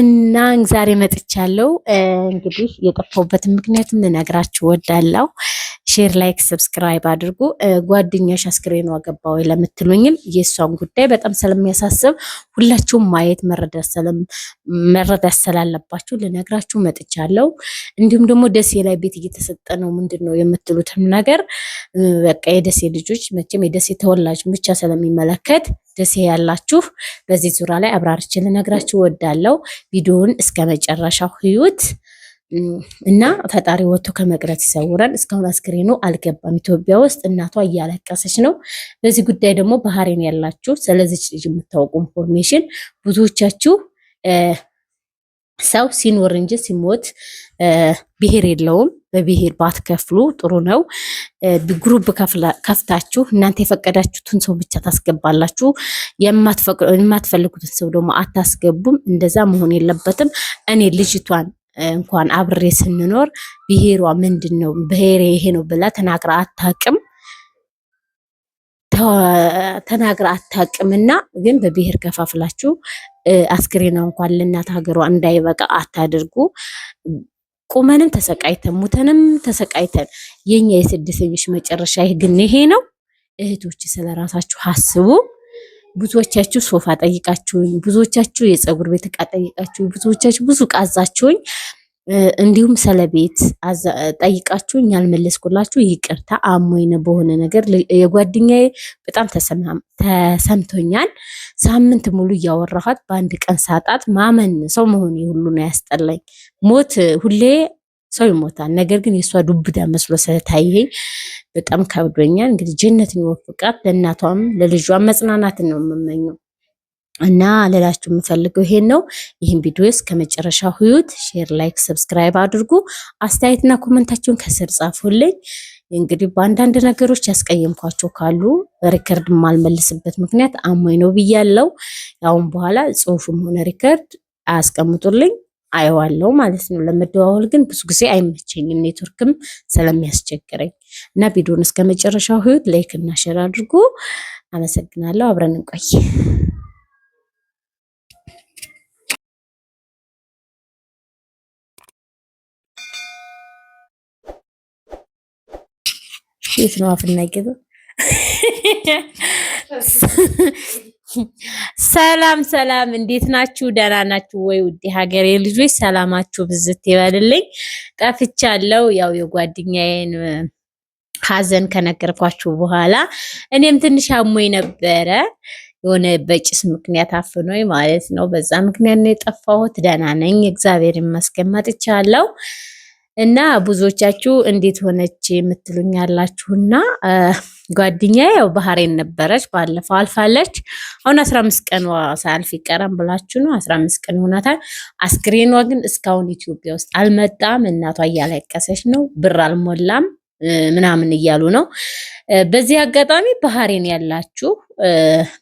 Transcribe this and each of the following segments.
እና ዛሬ መጥቻለሁ። እንግዲህ የጠፋሁበትን ምክንያት እንነግራችሁ እወዳለሁ። ሼር፣ ላይክ፣ ሰብስክራይብ አድርጉ። ጓደኛሽ አስክሬኑ ገባ ወይ ለምትሉኝም የእሷን ጉዳይ በጣም ስለሚያሳስብ ሁላችሁም ማየት መረዳት ስላለባችሁ ልነግራችሁ መጥቻለሁ። እንዲሁም ደግሞ ደሴ ላይ ቤት እየተሰጠ ነው ምንድን ነው የምትሉትም ነገር በቃ የደሴ ልጆች መቼም የደሴ ተወላጅ ብቻ ስለሚመለከት ደሴ ያላችሁ በዚህ ዙሪያ ላይ አብራርችን ልነግራችሁ ወዳለው ቪዲዮውን እስከ መጨረሻው ህዩት እና ፈጣሪ ወጥቶ ከመቅረት ይሰውረን። እስካሁን አስክሬኑ አልገባም። ኢትዮጵያ ውስጥ እናቷ እያለቀሰች ነው። በዚህ ጉዳይ ደግሞ ባህሬን ያላችሁ ስለዚች ልጅ የምታውቁ ኢንፎርሜሽን ብዙዎቻችሁ ሰው ሲኖር እንጂ ሲሞት ብሄር የለውም። በብሔር ባትከፍሉ ጥሩ ነው። ግሩብ ከፍታችሁ እናንተ የፈቀዳችሁትን ሰው ብቻ ታስገባላችሁ፣ የማትፈልጉትን ሰው ደግሞ አታስገቡም። እንደዛ መሆን የለበትም። እኔ ልጅቷን እንኳን አብሬ ስንኖር ብሄሯ ምንድን ነው ብሄር ይሄ ነው ብላ ተናግራ አታውቅም። ተናግራ አታውቅምና ግን በብሔር ከፋፍላችሁ አስክሬና እንኳን ለእናት ሀገሯ እንዳይበቃ አታድርጉ። ቁመንም ተሰቃይተን ሙተንም ተሰቃይተን የኛ የስደተኞች መጨረሻ ይህ ግን ይሄ ነው። እህቶች ስለራሳችሁ አስቡ። ብዙዎቻችሁ ሶፋ ጠይቃችሁኝ፣ ብዙዎቻችሁ የፀጉር ቤት እቃ ጠይቃችሁኝ፣ ብዙዎቻችሁ ብዙ ቃዛችሁኝ እንዲሁም ስለቤት ጠይቃችሁኝ ያልመለስኩላችሁ ይቅርታ አሞኝ በሆነ ነገር የጓደኛዬ በጣም ተሰምቶኛል። ሳምንት ሙሉ እያወራኋት በአንድ ቀን ሳጣት ማመን ሰው መሆን ሁሉ ነው ያስጠላኝ። ሞት ሁሌ ሰው ይሞታል። ነገር ግን የእሷ ዱብዳ መስሎ ስለታየኝ በጣም ከብዶኛል። እንግዲህ ጀነትን ይወፍቃት። ለእናቷም ለልጇም መጽናናትን ነው የምመኘው። እና ልላችሁ የምፈልገው ይሄን ነው። ይህን ቪዲዮ እስከ መጨረሻ ህዩት፣ ሼር፣ ላይክ፣ ሰብስክራይብ አድርጉ። አስተያየትና ኮመንታችሁን ከስር ጻፉልኝ። እንግዲህ በአንዳንድ ነገሮች ያስቀየምኳቸው ካሉ ሪከርድ የማልመልስበት ምክንያት አሞኝ ነው ብያለው። ያሁን በኋላ ጽሁፍም ሆነ ሪከርድ አያስቀምጡልኝ አየዋለው ማለት ነው። ለመደዋወል ግን ብዙ ጊዜ አይመቸኝም ኔትወርክም ስለሚያስቸግረኝ እና ቪዲዮን እስከ መጨረሻው ህዩት፣ ላይክ እና ሼር አመሰግናለሁ። አብረን እንቆይ። የት ነው አፍና ሰላም ሰላም፣ እንዴት ናችሁ? ደህና ናችሁ ወይ? ውድ ሀገሬ ልጆች ሰላማችሁ ብዝት ይበልልኝ። ጠፍቻለሁ። ያው የጓደኛዬን ሀዘን ከነገርኳችሁ በኋላ እኔም ትንሽ አሞኝ ነበረ የሆነ በጭስ ምክንያት አፍኖኝ ማለት ነው። በዛ ምክንያት ነው የጠፋሁት። ደህና ነኝ፣ እግዚአብሔር ይመስገን መጥቻለሁ። እና ብዙዎቻችሁ እንዴት ሆነች የምትሉኝ ያላችሁና ጓደኛ ያው ባህሬን ነበረች፣ ባለፈው አልፋለች። አሁን አስራ አምስት ቀን ሳያልፍ ይቀረም ብላችሁ ነው። አስራ አምስት ቀን ይሆናታል አስክሬኗ ግን እስካሁን ኢትዮጵያ ውስጥ አልመጣም። እናቷ እያለቀሰች ነው። ብር አልሞላም ምናምን እያሉ ነው። በዚህ አጋጣሚ ባህሬን ያላችሁ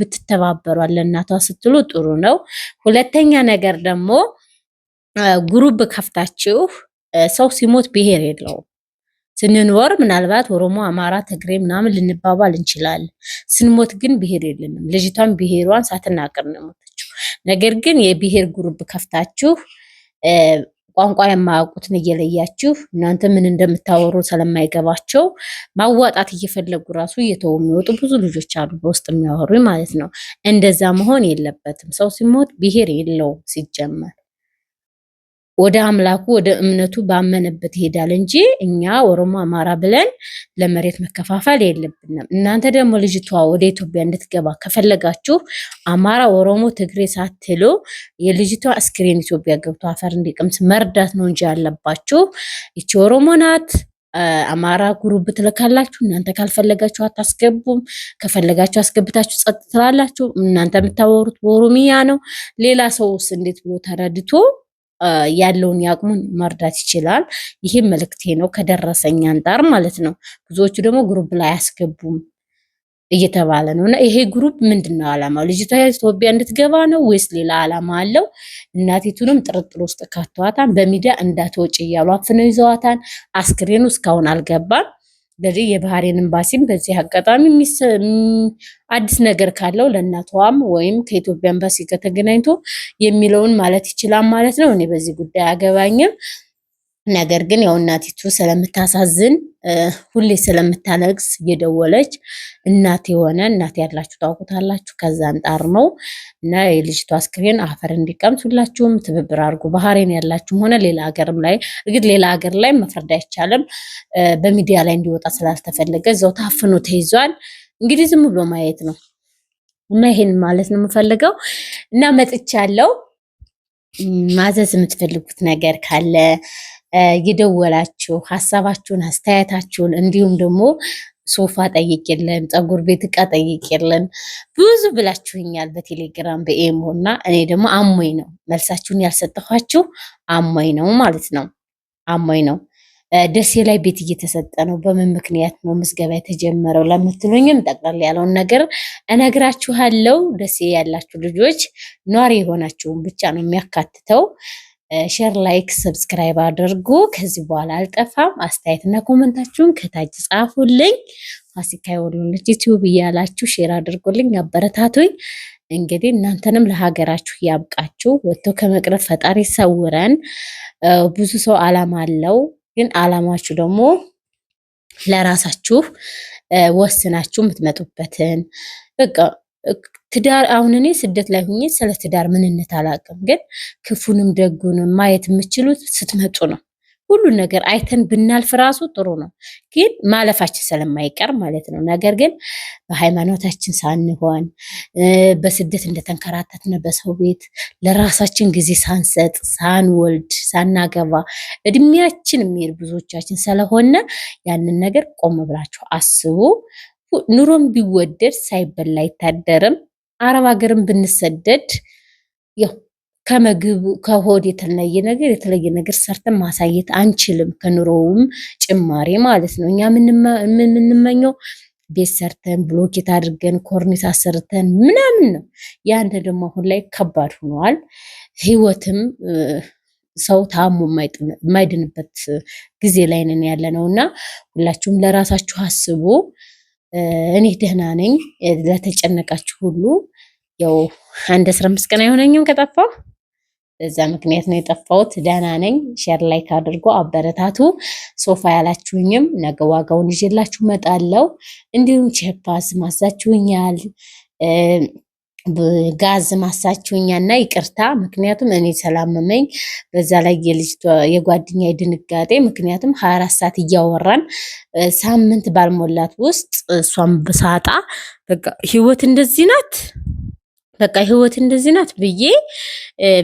ብትተባበሯል ለእናቷ ስትሉ ጥሩ ነው። ሁለተኛ ነገር ደግሞ ጉሩብ ከፍታችሁ ሰው ሲሞት ብሄር የለውም። ስንኖር ምናልባት ኦሮሞ፣ አማራ፣ ትግሬ ምናምን ልንባባል እንችላለን። ስንሞት ግን ብሄር የለንም። ልጅቷን ብሄሯን ሳትናገር ነው የሞተችው። ነገር ግን የብሔር ጉሩብ ከፍታችሁ ቋንቋ የማያውቁትን እየለያችሁ እናንተ ምን እንደምታወሩ ስለማይገባቸው ማዋጣት እየፈለጉ ራሱ እየተው የሚወጡ ብዙ ልጆች አሉ፣ በውስጥ የሚያወሩ ማለት ነው። እንደዛ መሆን የለበትም። ሰው ሲሞት ብሄር የለውም ሲጀመር ወደ አምላኩ ወደ እምነቱ ባመነበት ይሄዳል እንጂ እኛ ኦሮሞ፣ አማራ ብለን ለመሬት መከፋፈል የለብንም። እናንተ ደግሞ ልጅቷ ወደ ኢትዮጵያ እንድትገባ ከፈለጋችሁ አማራ፣ ኦሮሞ፣ ትግሬ ሳትሉ የልጅቷ እስክሪን ኢትዮጵያ ገብቶ አፈር እንዲቀምስ መርዳት ነው እንጂ ያለባችሁ ይቺ ኦሮሞ ናት አማራ ጉሩብ ትልካላችሁ። እናንተ ካልፈለጋችሁ አታስገቡም። ከፈለጋችሁ አስገብታችሁ ጸጥ ትላላችሁ። እናንተ የምታወሩት በኦሮሚያ ነው። ሌላ ሰውስ እንዴት ብሎ ተረድቶ ያለውን የአቅሙን መርዳት ይችላል። ይህም መልእክቴ ነው ከደረሰኝ አንጻር ማለት ነው። ብዙዎቹ ደግሞ ግሩፕ ላይ አያስገቡም እየተባለ ነው እና ይሄ ግሩፕ ምንድን ነው ዓላማው? ልጅቷ ኢትዮጵያ እንድትገባ ነው ወይስ ሌላ ዓላማ አለው? እናቲቱንም ጥርጥር ውስጥ ከቷታን በሚዲያ እንዳትወጭ እያሉ አፍነው ይዘዋታን። አስክሬኑ እስካሁን አልገባም። እንግዲህ የባህሬን ኤምባሲም በዚህ አጋጣሚ አዲስ ነገር ካለው ለእናቷም ወይም ከኢትዮጵያ ኤምባሲ ከተገናኝቶ የሚለውን ማለት ይችላል ማለት ነው። እኔ በዚህ ጉዳይ አገባኝም። ነገር ግን ያው እናቲቱ ስለምታሳዝን ሁሌ ስለምታለቅስ እየደወለች እናት የሆነ እናት ያላችሁ ታውቁታላችሁ። ከዛ አንጣር ነው እና የልጅቷ አስክሬን አፈር እንዲቀምት ሁላችሁም ትብብር አድርጉ። ባህሬን ያላችሁም ሆነ ሌላ ሀገርም ላይ እንግዲህ ሌላ ሀገር ላይ መፍረድ አይቻልም። በሚዲያ ላይ እንዲወጣ ስላልተፈለገ እዛው ታፍኖ ተይዟል። እንግዲህ ዝም ብሎ ማየት ነው እና ይሄን ማለት ነው የምፈልገው እና መጥቻለሁ። ማዘዝ የምትፈልጉት ነገር ካለ የደወላችሁ ሀሳባችሁን፣ አስተያየታችሁን እንዲሁም ደግሞ ሶፋ ጠይቅልን፣ ጸጉር ፀጉር ቤት እቃ ጠይቅልን ብዙ ብላችሁኛል በቴሌግራም በኤሞ እና እኔ ደግሞ አሞኝ ነው መልሳችሁን ያልሰጠኋችሁ አሞኝ ነው ማለት ነው። አሞኝ ነው። ደሴ ላይ ቤት እየተሰጠ ነው። በምን ምክንያት ነው ምዝገባ የተጀመረው ለምትሉኝም ጠቅላላ ያለውን ነገር እነግራችኋለሁ። ደሴ ያላችሁ ልጆች ኗሪ የሆናችሁን ብቻ ነው የሚያካትተው። ሼር፣ ላይክ፣ ሰብስክራይብ አድርጉ። ከዚህ በኋላ አልጠፋም። አስተያየትና ኮመንታችሁን ከታች ጻፉልኝ። ፋሲካ የወሎነች ዩቲዩብ እያላችሁ ሼር አድርጉልኝ፣ አበረታቱኝ። እንግዲህ እናንተንም ለሀገራችሁ ያብቃችሁ። ወጥቶ ከመቅረት ፈጣሪ ሰውረን። ብዙ ሰው አላማ አለው፣ ግን አላማችሁ ደግሞ ለራሳችሁ ወስናችሁ የምትመጡበትን በቃ ትዳር አሁን እኔ ስደት ላይ ሁኜ ስለ ትዳር ምንነት አላውቅም፣ ግን ክፉንም ደጉንም ማየት የምችሉት ስትመጡ ነው። ሁሉን ነገር አይተን ብናልፍ ራሱ ጥሩ ነው፣ ግን ማለፋችን ስለማይቀር ማለት ነው። ነገር ግን በሃይማኖታችን ሳንሆን በስደት እንደተንከራተትን በሰው ቤት ለራሳችን ጊዜ ሳንሰጥ ሳንወልድ ሳናገባ እድሜያችን የሚሄድ ብዙዎቻችን ስለሆነ ያንን ነገር ቆም ብላችሁ አስቡ። ኑሮም ቢወደድ ሳይበላ አይታደርም። አረብ ሀገርን ብንሰደድ ያው ከምግቡ ከሆድ የተለየ ነገር የተለየ ነገር ሰርተን ማሳየት አንችልም። ከኑሮውም ጭማሪ ማለት ነው። እኛ የምንመኘው ቤት ሰርተን ብሎኬት አድርገን ኮርኒስ አሰርተን ምናምን ነው። ያንተ ደግሞ አሁን ላይ ከባድ ሆኗል። ህይወትም ሰው ታሞ የማይድንበት ጊዜ ላይ ነን ያለ ነው እና ሁላችሁም ለራሳችሁ አስቡ። እኔ ደህና ነኝ። ለተጨነቃችሁ ሁሉ ያው አንድ አስራ አምስት ቀን አይሆነኝም ከጠፋሁ በዛ ምክንያት ነው የጠፋሁት። ደህና ነኝ። ሼር ላይክ አድርጎ አበረታቱ። ሶፋ ያላችሁኝም ነገ ዋጋውን ይዤላችሁ መጣለው። እንዲሁም ቼፓስ ማሳችሁኛል። ጋዝ ማሳችሁኛ እና ይቅርታ። ምክንያቱም እኔ ሰላመመኝ፣ በዛ ላይ የልጅ የጓደኛ ድንጋጤ፣ ምክንያቱም ሀያ አራት ሰዓት እያወራን ሳምንት ባልሞላት ውስጥ እሷም ብሳጣ በቃ ህይወት እንደዚህ ናት፣ በቃ ህይወት እንደዚህ ናት ብዬ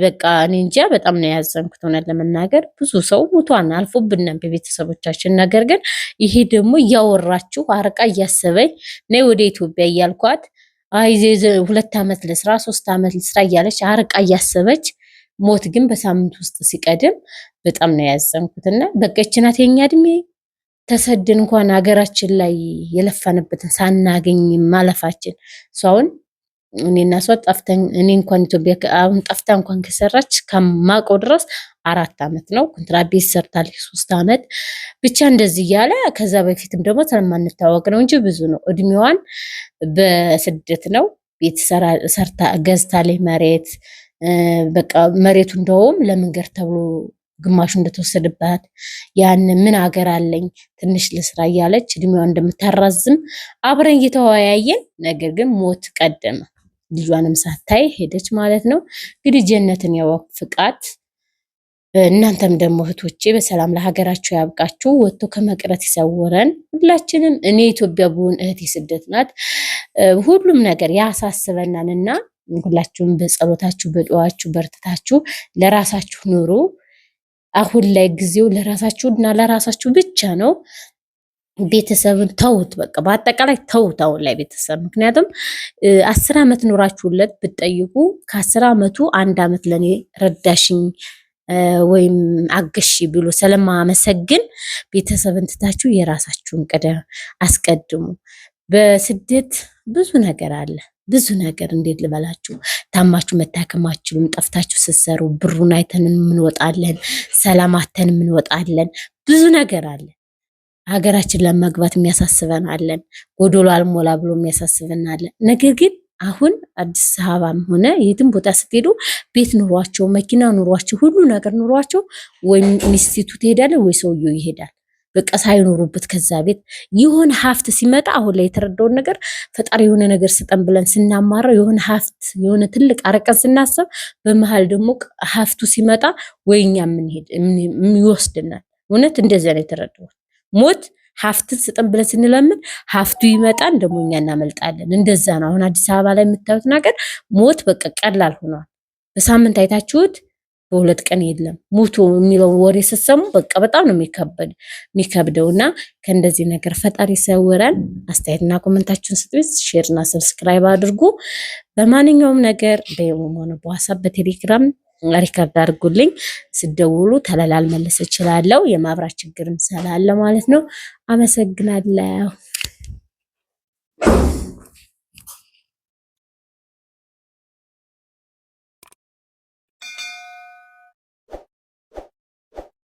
በቃ እኔ እንጃ በጣም ነው ያዘንኩት። ሆነን ለመናገር ብዙ ሰው ሙቷን አልፎብናል በቤተሰቦቻችን። ነገር ግን ይሄ ደግሞ እያወራችሁ አርቃ እያሰበኝ ነይ ወደ ኢትዮጵያ እያልኳት አይዞ ሁለት ዓመት ለስራ ሶስት ዓመት ለስራ እያለች አርቃ እያሰበች ሞት ግን በሳምንት ውስጥ ሲቀድም በጣም ነው ያዘንኩትና በቀችናት የኛ እድሜ ተሰድን እንኳን ሀገራችን ላይ የለፋንበትን ሳናገኝ ማለፋችን ሰውን እኔና እሷ ጠፍተን እኔ እንኳን ኢትዮጵያ አሁን ጠፍታ እንኳን ከሰራች ከማውቀው ድረስ አራት አመት ነው። ኮንትራት ቤት ሰርታለች ሶስት አመት ብቻ እንደዚህ እያለ ከዛ በፊትም ደግሞ ስለማንታወቅ ነው እንጂ ብዙ ነው እድሜዋን በስደት ነው ቤት ሰርታ ገዝታለች መሬት በቃ መሬቱ እንደውም ለመንገድ ተብሎ ግማሹ እንደተወሰደባት ያን ምን አገር አለኝ ትንሽ ልስራ እያለች እድሜዋ እንደምታራዝም አብረን እየተወያየን ነገር ግን ሞት ቀደመ። ልጇንም ሳታይ ሄደች ማለት ነው። እንግዲህ ጀነትን የዋብ ፍቃት እናንተም ደግሞ እህቶቼ በሰላም ለሀገራችሁ ያብቃችሁ፣ ወጥቶ ከመቅረት ይሰውረን ሁላችንም። እኔ ኢትዮጵያ ብሆን እህቴ ስደት ናት፣ ሁሉም ነገር ያሳስበናል እና ሁላችሁም በጸሎታችሁ በጠዋችሁ በርትታችሁ ለራሳችሁ ኑሩ። አሁን ላይ ጊዜው ለራሳችሁ እና ለራሳችሁ ብቻ ነው። ቤተሰብን ተውት፣ በቃ በአጠቃላይ ተውት። አሁን ላይ ቤተሰብ ምክንያቱም አስር ዓመት ኖራችሁለት ብትጠይቁ ከአስር ዓመቱ አንድ ዓመት ለእኔ ረዳሽኝ ወይም አገሺ ብሎ ስለማመሰግን ቤተሰብን ትታችሁ የራሳችሁን ቀደ አስቀድሙ። በስደት ብዙ ነገር አለ። ብዙ ነገር እንዴት ልበላችሁ፣ ታማችሁ መታከማችሁም፣ ጠፍታችሁ ስትሰሩ ብሩን አይተን የምንወጣለን፣ ሰላማተን የምንወጣለን። እንወጣለን። ብዙ ነገር አለ። ሀገራችን ለመግባት የሚያሳስበን አለን፣ ጎዶሎ አልሞላ ብሎ የሚያሳስበን አለን። ነገር ግን አሁን አዲስ አበባም ሆነ የትም ቦታ ስትሄዱ ቤት ኑሯቸው፣ መኪና ኑሯቸው፣ ሁሉ ነገር ኑሯቸው ወይ ሚስቲቱ ትሄዳለ ወይ ሰውየው ይሄዳል። በቃ ሳይኖሩበት ከዛ ቤት የሆነ ሀፍት ሲመጣ አሁን ላይ የተረዳውን ነገር ፈጣሪ የሆነ ነገር ስጠን ብለን ስናማረው የሆነ ሀፍት የሆነ ትልቅ አረቀን ስናሰብ በመሀል ደግሞ ሀፍቱ ሲመጣ ወይኛ ምንሄድ የምንሄድ እውነት እንደዚያ ነው የተረዳሁት። ሞት ሀፍትን ስጥን ብለን ስንለምን ሀፍቱ ይመጣን ደግሞ እኛ እናመልጣለን። እንደዛ ነው። አሁን አዲስ አበባ ላይ የምታዩት ነገር ሞት በቃ ቀላል ሆኗል። በሳምንት አይታችሁት በሁለት ቀን የለም ሞቱ የሚለው ወሬ ስትሰሙ በቃ በጣም ነው የሚከብደው። እና ከእንደዚህ ነገር ፈጣሪ ሰውረን። አስተያየትና ኮመንታችሁን ስትቤት ሼርና ሰብስክራይብ አድርጉ። በማንኛውም ነገር በየሞም ሆነ በዋሳብ በቴሌግራም ሪከርድ አድርጉልኝ። ስደውሉ ተለላል መለስ እችላለሁ። የማብራት ችግርም ስላለ ማለት ነው። አመሰግናለሁ።